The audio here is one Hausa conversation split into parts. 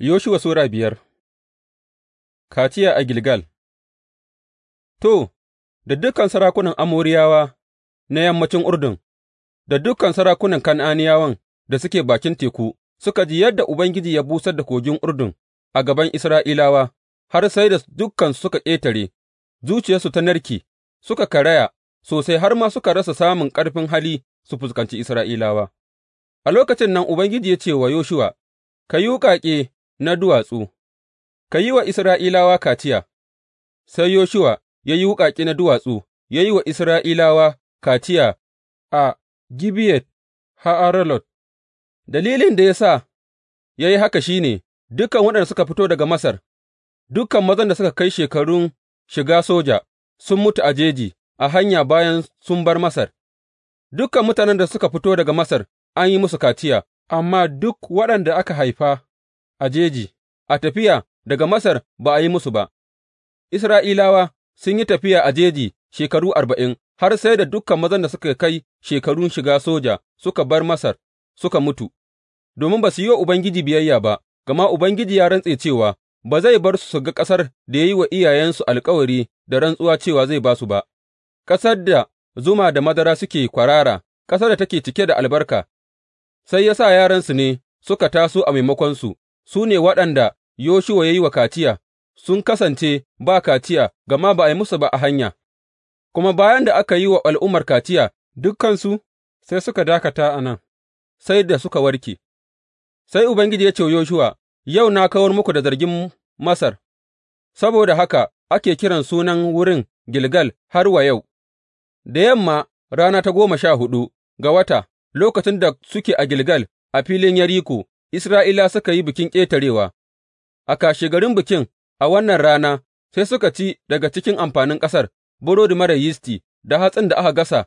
Yoshuwa Sura biyar Kaciya a Gilgal To, da dukan sarakunan Amoriyawa na yammacin Urdun, da dukan sarakunan Kan'aniyawan da suke bakin teku suka ji yadda Ubangiji ya busar da kogin Urdun a gaban Isra'ilawa, har sai da dukan suka ƙetare, zuciyarsu ta narke, suka karaya sosai har ma suka rasa samun ƙarfin hali su fuskanci Isra'ilawa. A lokacin nan Ubangiji ya ce wa Yoshuwa, Ka yi wuƙaƙe na duwatsu, Ka yi wa Isra'ilawa kaciya, sai Yoshuwa ya yi wuƙaƙi na duwatsu, ya yi wa Isra'ilawa kaciya a Gibeyat Ha'aralot. Dalilin da ya sa ya yi haka shi ne, dukan waɗanda suka fito daga Masar, dukan mazan da suka kai shekarun shiga soja, sun mutu a jeji a hanya bayan sun bar Masar. Dukan mutanen da suka fito daga Masar an yi musu kaciya, amma duk waɗanda aka haifa a jeji, a tafiya daga Masar ba a yi musu ba, Isra'ilawa sun yi tafiya a jeji shekaru arba'in har sai da dukan mazan da suka kai shekarun shiga soja suka bar Masar suka mutu, domin ba su yi wa Ubangiji biyayya ba, gama Ubangiji ya rantse cewa ba zai bar su su ga ƙasar da ya yi wa iyayensu alkawari da rantsuwa cewa zai ba su ba, ƙasar da zuma da madara suke kwarara, ƙasar da take cike da albarka, sai ya sa yaransu ne suka taso a maimakonsu, su ne waɗanda Yoshuwa ya yi wa kaciya, sun kasance ba kaciya gama ba a yi musu ba a hanya, kuma bayan da aka yi wa al'ummar kaciya dukansu sai suka dakata a nan, sai da suka warke. Sai Ubangiji ya ce wa Yoshuwa, Yau na kawar muku da zargin Masar, saboda haka ake kiran sunan wurin Gilgal har wa yau, da yamma rana ta goma sha hudu, ga wata, lokacin da suke a Gilgal a filin Yariko. Isra'ilawa suka yi Bikin Ƙetarewa, a kashegarin bikin a wannan rana sai suka ci daga cikin amfanin ƙasar, burodi marar yisti da hatsin da aka gasa,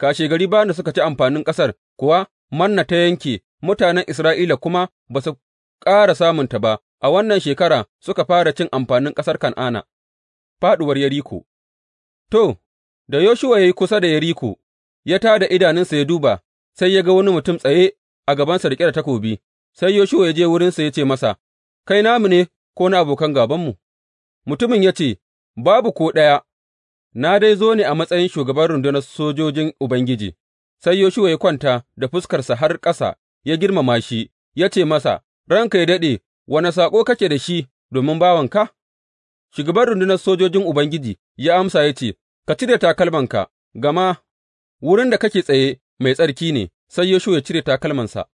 kashegari bayan da suka ci amfanin ƙasar kuwa manna ta yanke, mutanen Isra'ila kuma ba su ƙara samunta ba, a wannan shekara suka fara cin amfanin ƙasar Kan'ana, faɗuwar Yeriko. To, da Yoshuwa ya yi kusa da Yeriko, ya tā da idanunsa ya duba, sai ya ga wani mutum tsaye a gabansa riƙe da takobi. Sai Yoshuwa ya je wurinsa ya ce masa, Kai namu ne ko na abokan gābanmu? Mutumin ya ce, Babu ko ɗaya, na dai zo ne a matsayin shugaban rundunar sojojin Ubangiji. Sai Yoshuwa ya kwanta da fuskarsa har ƙasa, ya girmama shi, ya ce masa, Ranka ya daɗe, wane saƙo kake da shi domin bawanka? Shugaban rundunar sojojin Ubangiji ya amsa ya ce, Ka cire takalmanka, gama wurin da kake tsaye mai tsarki ne, sai Yoshuwa ya cire takalmansa.